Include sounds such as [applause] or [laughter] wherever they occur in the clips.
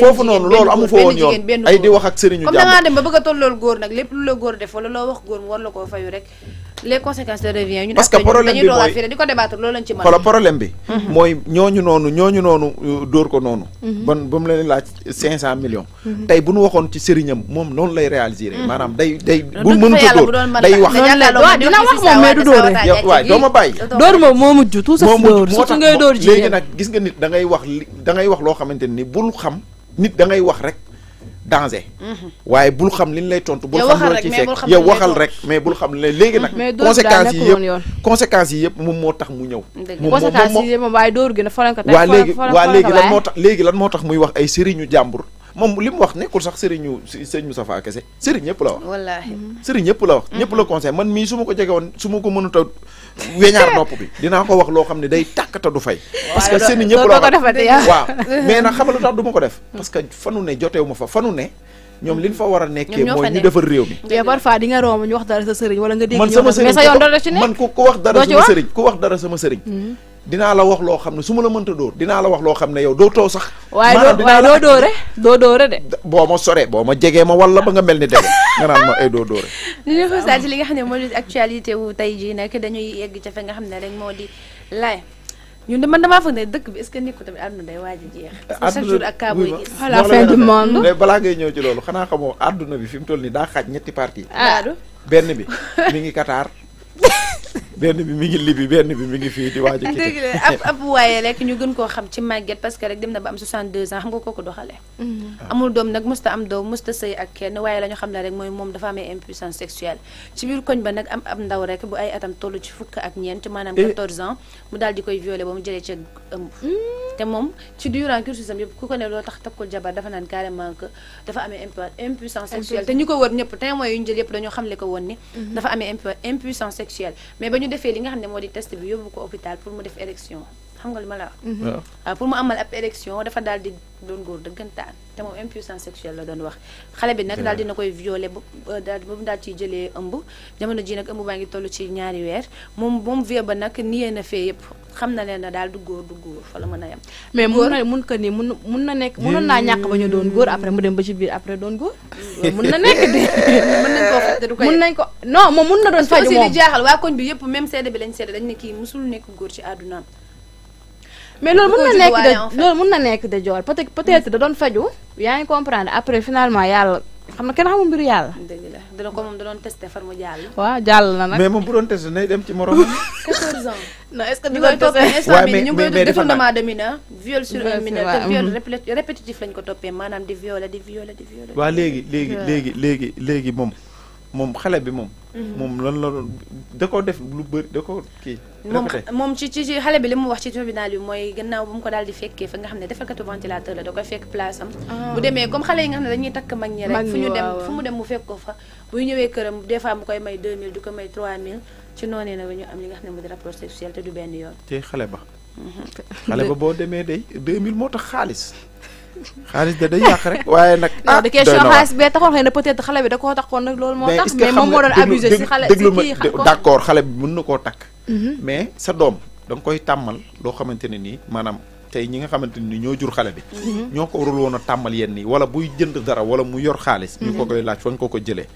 foofu noonu loolu amu fa woon yoon ay di wax ak sëriñu jàmm comme da ngaa dem ba bëgg tollool góor nag lépp lu la góor de wala loo wax góor mu war la koo fayu rek les conséquences parce que problème bi mooy di ko débattre loolu lañ ci mën xoolal problème bi mhm. mooy ñooñu noonu ñooñu noonu euh, dóor ko noonu mhm. ban ba mu leen laaj cinq cent millions mhm. tey bu nu waxoon ci sëriñam moom noonu lay réaliser maanaam day day bu mënu ko dóor day wax dina wax moom mais du dóore waaw doo ma bàyyi dóor moom moo mujj tout ça dóor surtout ngay dóor ji nag gis nga nit da ngay wax da ngay wax loo xamante ni bul xam nit da ngay wax rek danger. Mhm. waaye bul xam li liñ lay tontu. bul xam loo ci fekk yow waxal rek mais bul xam ne léegi nag. Ah, conséquences yi yëpp conséquences yi yëpp moom moo tax mu ñëw. moom moom moom waaye dóor gi nag fa lañ ko teg. fa lañ ko léegi waa léegi lan moo tax léegi lan moo tax muy wax ay sëriñu jàmbur. moom li wax nekkul sax sëriñu sëriñ Moustapha kese sëriñ ñëpp la wax. wallaahi mhm. sëriñ ñëpp la wax. Mhm. ñëpp la conseil man mii su ma ko jege su ma ko mënut a weñaar nopp bi dinaa ko wax loo xam ne day tàkkata du fay. parce que sëriñ ñëpp la wax ah. waaw [laughs] mais nag xamal lu tax du ma ko def. parce que fanu ne jotewu fa fanu ne. ñoom li ñu fa war a nekkee mooy ñu defar réew mi. mais parfois di wax dara sa sëriñ wala man sama sëriñ man ku wax dara sama sëriñ ku wax dara sama sëriñ mhm. dinaa la wax loo xam ne su ma la mënta door dinaa la wax loo xam ne yow dootoo sax. maanaam dinaa la waaye doo dóore doo dóore de. boo ma soree boo ma jegee ma walla ba nga mel ni dege nga naan ma ay eh, doo dóore. [laughs] li nga xam ne moo di actualité wu tey jii nag dañuy yegg ca fe nga xam ne rek moo di laay. ñun de man damaa foog ne dëkk bi est-ce que nekkul tamit àdduna day waaj a jeex. chaque balaa ngay ñëw ci loolu xanaa xamoo àdduna bi fi mu toll nii daa xaaj ñetti parti ah. benn bi mu ngi Qatar [laughs] benn bi mi ngi libi benn bi mi ngi fii di waaj a dëgg la ab ab waaye lekk ñu gën koo xam ci màgget parce que rek dem na ba am 62 ans xam nga ko doxale mm-hmm. amul doom nag mësta am doom mësta sëy ak kenn waaye la ñu xam ne rek mooy moom dafa amee impuissance sexuelle ci biir koñ ba nag am ab ndaw rek bu ay atam toll ci fukk ak ñeent maanaam 14 eh. ans mu daal di koy violé ba mu jëlee ca ëmb mm-hmm. te moom ci durant cursus am yëpp ku ko ne loo tax takkul jabar dafa naan carrément que dafa amee impuissance sexuelle te ñu ko wër ñëpp témoins yu ñu jël yëpp dañoo xamle ko woon ni mhm. dafa amee impuissance sexuelle mais ba ñu defee li nga xam ne moo di test bi yóbbu ko hôpital pour mu def érection xam nga li ma la wax. Mhm. Ah, pour mu amal ab élection dafa daal di doon góor dëggantaan te moom impuissance sexuelle la doon wax. xale bi nag daal dina koy violé ba daal ba mu daal ciy jëlee ëmb jamono ji nag ëmb baa ngi toll ci ñaari weer moom moom vie ba nag niyee na fee yëpp xam na leen ne daal du góor du góor fa la mën a yem. mais mun na mun ko ni mun mun na nekk munoon naa ñàkk ba ñu doon góor après mu dem ba ci biir après doon góor. Mm. mun na nekk de. [laughs] mën nañ koo faj du ko mun nañ ko non moom mun na doon faj moom parce que aussi li jaaxal waa koñ bi yëpp même seede bi lañ seede dañ ne kii musul nekk góor ci àddunaam mais loolu mën na nekk de loolu mën na nekk de joor peut être peut da doon faju yaa ngi comprendre après finalement yàlla xam na kenn xamul mbiru yàlla. dëgg la dina ko da doon testé far mu jàll. waaw jàll na nag mais moom bu doon testé nay dem ci moroom. 14 [laughs] ans non est ce toppee de mineur. viol sur un te viol mm. répétitif lañ ko toppee maanaam di violer di violer di violer. waaw léegi léegi léegi léegi léegi moom. moom xale bi moom. Mhm. moom loolu la da ko def lu bëri da ko kii. moom moom ci ci xale bi li mu wax ci tribunal bi mooy gannaaw bu mu ko daal di fekkee fa nga xam ne defarkatu ventilateur la da koy fekk place am. Ah. bu demee comme xale yi nga xam ne dañuy takk mag ñi rek. fu ñu dem fu mu dem mu fekk ko fa. buy ñëwee këram des mu koy may 2000 du ko may 3000 ci noonee na ñu am li nga xam ne mu di rapport sexuel te du benn yoon. te xale ba. Mhm. boo demee day 2000 moo tax xaalis. xaalis de day yàq rek waaye nag. ah doy na waar xaalis bee taxoon xëy na peut xale bi da koo taxoon nag loolu moo tax. mais moom moo doon abusé si xale si ko d'accord na koo takk. Mhm. mais sa doom da koy tàmmal loo xamante ne nii maanaam tey ñi nga xamante ni ñoo jur xale bi. Mhm. ñoo ko warul woon a tàmmal yenn yi wala buy jënd dara wala mu yor xaalis. ñu ko mhm. koy laaj fañ ko ko jëlee.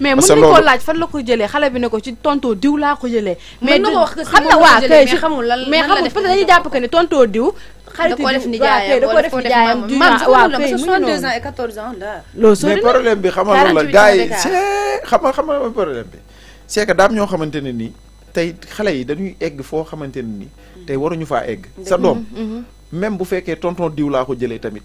mais mën nañu laaj fan la ko jëlee xale bi ne ko ci tonto diw laa ko jëlee. mën na ko wax que si moom la ko jëlee mais xamul lan def mais xamul peut-être jàpp que ne tonto diw xarit da koo def nijaayam wala da koo def maam maam su ma ans et 14 ans la. mais problème bi xamal loolu la gars yi c'est xam nga xam bi c'est que daam ñoo xamante ne nii tey xale yi dañuy egg foo xamante ne nii tey waruñu faa egg. Mm-hmm. sa doom mm-hmm. Mm-hmm. même bu fekkee tonton diw laa ko jële tamit.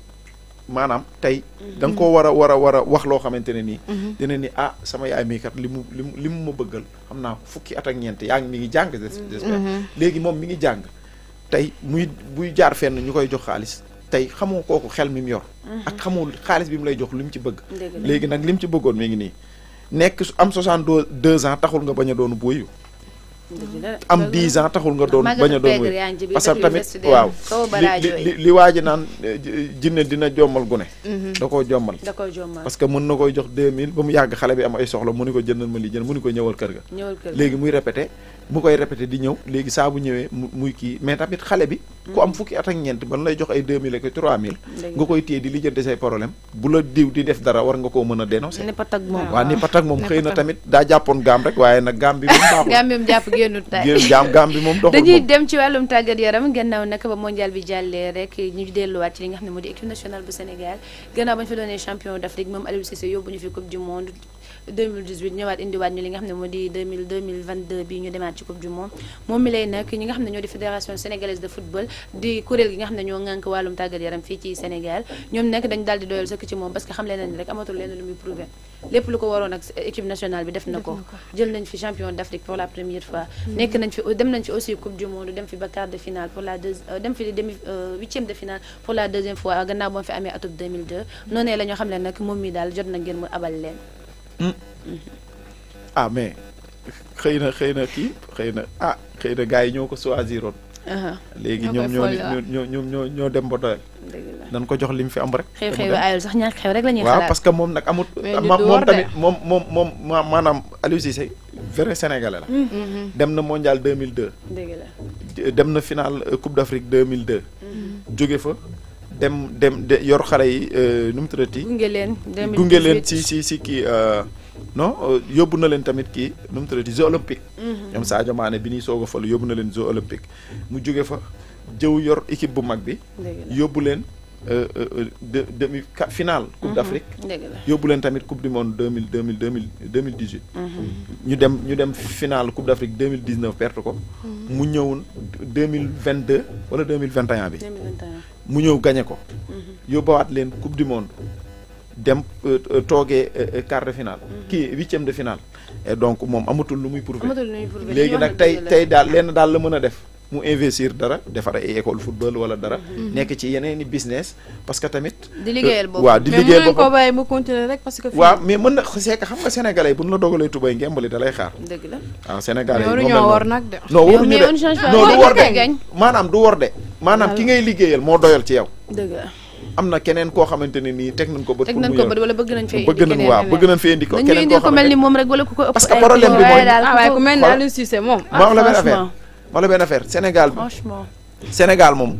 maanaam tey da nga koo war a war a war a wax loo xamante ne nii dina ni ah sama yaay mii kat li mu li mu ma bëggal xam naa fukki atak ak ñeent yaa mi ngi jàng j'espère léegi moom mi ngi jàng tey muy buy jaar fenn ñu koy jox xaalis tey xamoo kooku xel mi mu yor. Mhm. ak xamul xaalis bi mu lay jox li mu ci bëgg. léegi nag li mu ci bëggoon mi ngi nii nekk am 62 ans taxul nga bañ doon buuyu. am 10 ans taxul nga doon bañ que tamit waaw li li waa ji naan eh, eh, jinne dina jommal gune. Mhm. na koy jox 2000 mu yàgg xale bi am ay soxla mu ni ko jëndal ma li jënd mu ni ko ñëwal kër ga. ga léegi muy répété. mu koy répété di ñëw léegi saa bu ñëwee muy kii mais tamit xale bi ku am fukki at ak ñeent ban lay jox ay deux mille ak trois mille nga koy téye di lijjanti say problème bu la diw di def dara war nga koo mën a dénoncé ne pat ak moom xëy na tamit daa jàppoon gaam rek waaye nag gaam bi moom baaxul gaam bi moom jàpp génnul tay gaam gaam bi moom doxul dañuy dem ci wàllum tàggat yaram gannaaw nag ba mondial bi jàllee rek ñu delluwaat ci li nga xam ne moo di équipe nationale bu Sénégal gannaaw 2018 ñëwaat indiwaat ñu li nga xam ne moo di 2000 2022 bi ñu demaat ci coupe du monde moom mi lay nag ñi nga xam ne ñoo di fédération sénégalaise de football di kuréel gi nga xam ne ñoo ŋànk wàllum tàggat yaram fii ci Sénégal ñoom nag dañ daal na ko dem nañ fi aussi coupe du monde dem fi ba quart de finale pour la deux euh, demi euh, huitième de finale pour la deuxième fois gannaaw boo fi amee atub 2002 noonee la xam ne nag moom mi daal jot na ngeen mu abal leen ah mais xëy na xëy na kii xëy na ah xëy na gars yi ñoo ko choisiroon. Uh-huh. léegi ñoom ñoo ñoo ñoo ñoo dem ba doyal. dañ ko jox li mu fi am rek. xew-xew yi ayul sax ñaar xew rek la ñuy xalaat parce que moom nag amut. moom tamit moom moom moom maanaam Aliou Cissé vrai sénégalais la. Mm-hmm, mm-hmm. dem na mondial 2002. dëgg la dem na finale euh, coupe d' afrique 2002. jóge fa. dem dem de yor xale yi euh, nu mu tuddati. gunge leen gunge leen si ci si kii euh, non euh, yóbbu na leen tamit kii nu mu tuddati mm-hmm. ñoom sa Mané bi ñuy soog a fal yóbbu na leen jeux olympique mu jóge fa jëw yor équipe bu mag bi. yóbbu leen. Euh, euh, euh, de demi finale. coupe mhm. d'Afrique. yóbbu leen tamit coupe du monde deux mille deux mille deux mille deux mille dix-huit. Mhm. ñu dem ñu dem finale coupe d'Afrique deux mille dix-neuf perte ko. Mhm. mu ñëw de mille vingt deux wala de mille vingt et bi. mu ñëw gagné ko. yóbbawaat leen coupe du monde. dem toogee quart de finale. kii huitième de finale. et donc moom amatul lu muy prouver. léegi nag tey tey daal lenn daal la mën a def. mu investir dara defar ay école football wala dara. nekk ci yeneen i business parce que tamit. di liggéeyal boppam waaw di liggéeyal boppam mais mën ko bàyyi mu continuer rek parce que. waaw mais mën na c'est xam nga sénégalais bu ñu la dogalee tubay ngembali da lay xaar. dëgg la waaw ah, sénégalais moom doyal ci yow. dëgg la. am na keneen koo xamante ne nii teg nañ ko bët. teg nañ ko bët wala bëgg nañ fee. bëgg ko. mel ni moom rek wala ku ko ëpp. parce ah, ku mel ni Aliou Cissé moom. ah franchement ma la benn affaire Sénégal bi franchement Sénégal moom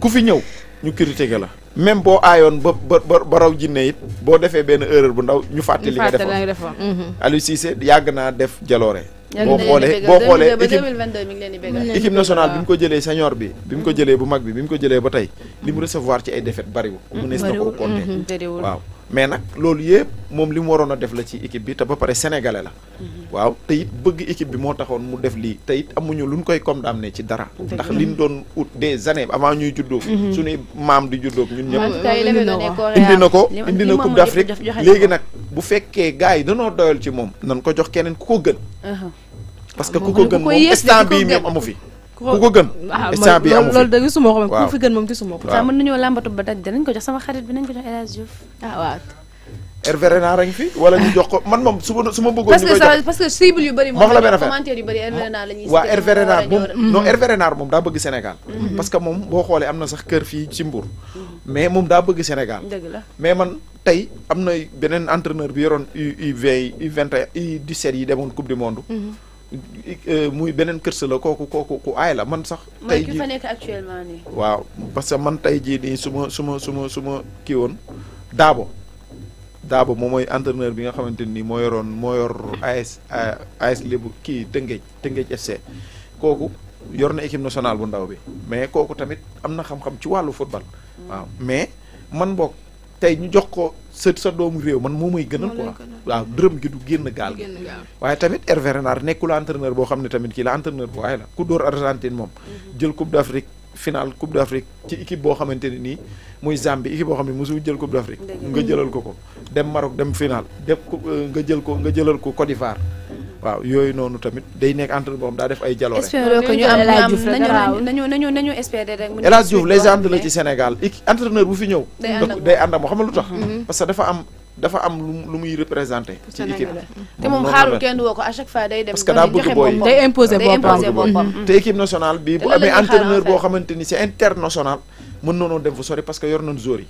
ku fi ñëw ñu critiqué la. même boo aayoon ba ba ba raw jinne it boo defee benn erreur bu ndaw ñu fàtte li nga defoon mhm. Aliou Cissé yàgg naa def jaloore. boo xoolee boo xoolee équipe équipe nationale bi mu ko jëlee senior bi. bi mu ko jëlee bu mag bi bi mu ko jëlee ba tey li mu recevoir ci ay défaites bariwul. mu nees na ko compter mhm, waaw. mais nag loolu yëpp moom li mu waroon a def la ci équipe bi te ba pare sénégalais la. Mhm. waaw te bëgg équipe bi moo taxoon mu def lii te amuñu lu luñ koy comme condamné ci dara. ndax li liñ doon ut des années avant ñuy juddoo. Mhm. suñuy maam di juddoo ñun ñëpp. indi na ko indi na coupe d'Afrique léegi nag bu fekkee gars yi danoo doyal ci moom. nan ko jox keneen ku ko gën. Uh-huh. parce que ku ko gën moom instant bii moom amu fi. ku ko gën. Ah, instant bi moom ah, man moom su ma su ma bëggoon ñu koy jox parce que cible yu moom daa bëgg Sénégal mhm. parce que moom boo xoolee am na sax kër fii ci Mbour mais moom daa bëgg Sénégal la mais man tey am na beneen entraîneur bi yoroon U U20 U21 u yi demoon coupe du monde mhm. muy beneen kërsa la kooku kooku ku aay la man sax. tey jii nii. waaw parce que man tey jii nii su ma su ma kii woon Daabo Daabo moom mooy entraîneur bi nga xamante nii moo yoroon moo yor AS AS Lébu kii Tëngéej Tëngéej FC kooku yor na équipe nationale bu ndaw bi mais kooku tamit am na xam-xam ci wàllu football. Mm. mais man bokk. tey ñu jox ko sa sa doomu réew man moo may gënal quoi waaw dërëm gi du génn gaal gi waaye tamit Hervé nekkul entraîneur boo xam ne tamit kii la entraîneur bu waaye la ku dóor Argentine moom mhm. jël Coupe d'Afrique final Coupe d'Afrique ci équipe boo xamante ne nii muy Zambie équipe boo xam ne mosul jël Coupe d'Afrique nga jëlal ko ko dem Maroc dem final def ko euh, nga jël ko nga jëlal ko Côte d'Ivoire waaw yooyu noonu tamit day nekk entre boo xam daa def ay jaloore. espéré ko ñu am ñu am nañu nañu nañu espéré rek. El Hadj Diouf ci bu fi ñëw. day ànd xam nga lu tax. Mm-hmm. parce que dafa am dafa am lu muy représenté. ci équipe te moom ko à chaque fois day dem. parce que daa bëgg booy bi amee entraîneur boo xamante ni c'est international mën noonu dem fu sori parce que yor nañu joueurs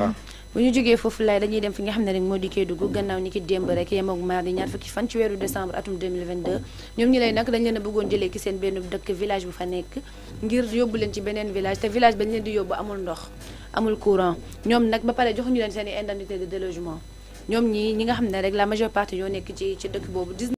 waaw. bu ñu jógee foofu lay dañuy dem fi nga xam ne rek moo di Kédougou gannaaw ñi ki démb rek yem ak mardi fukki fan ci weeru décembre atum ñoom ñi lay nag dañ leen a bëggoon jëlee ki seen benn dëkk village bu fa nekk ngir yóbbu leen ci beneen village te village bañ leen di yóbbu amul ndox amul courant ñoom nag ba pare joxuñu leen seen i de délogement ñoom ñi ñi nga xam ne rek la majeure partie yoo nekk ci dëkk boobu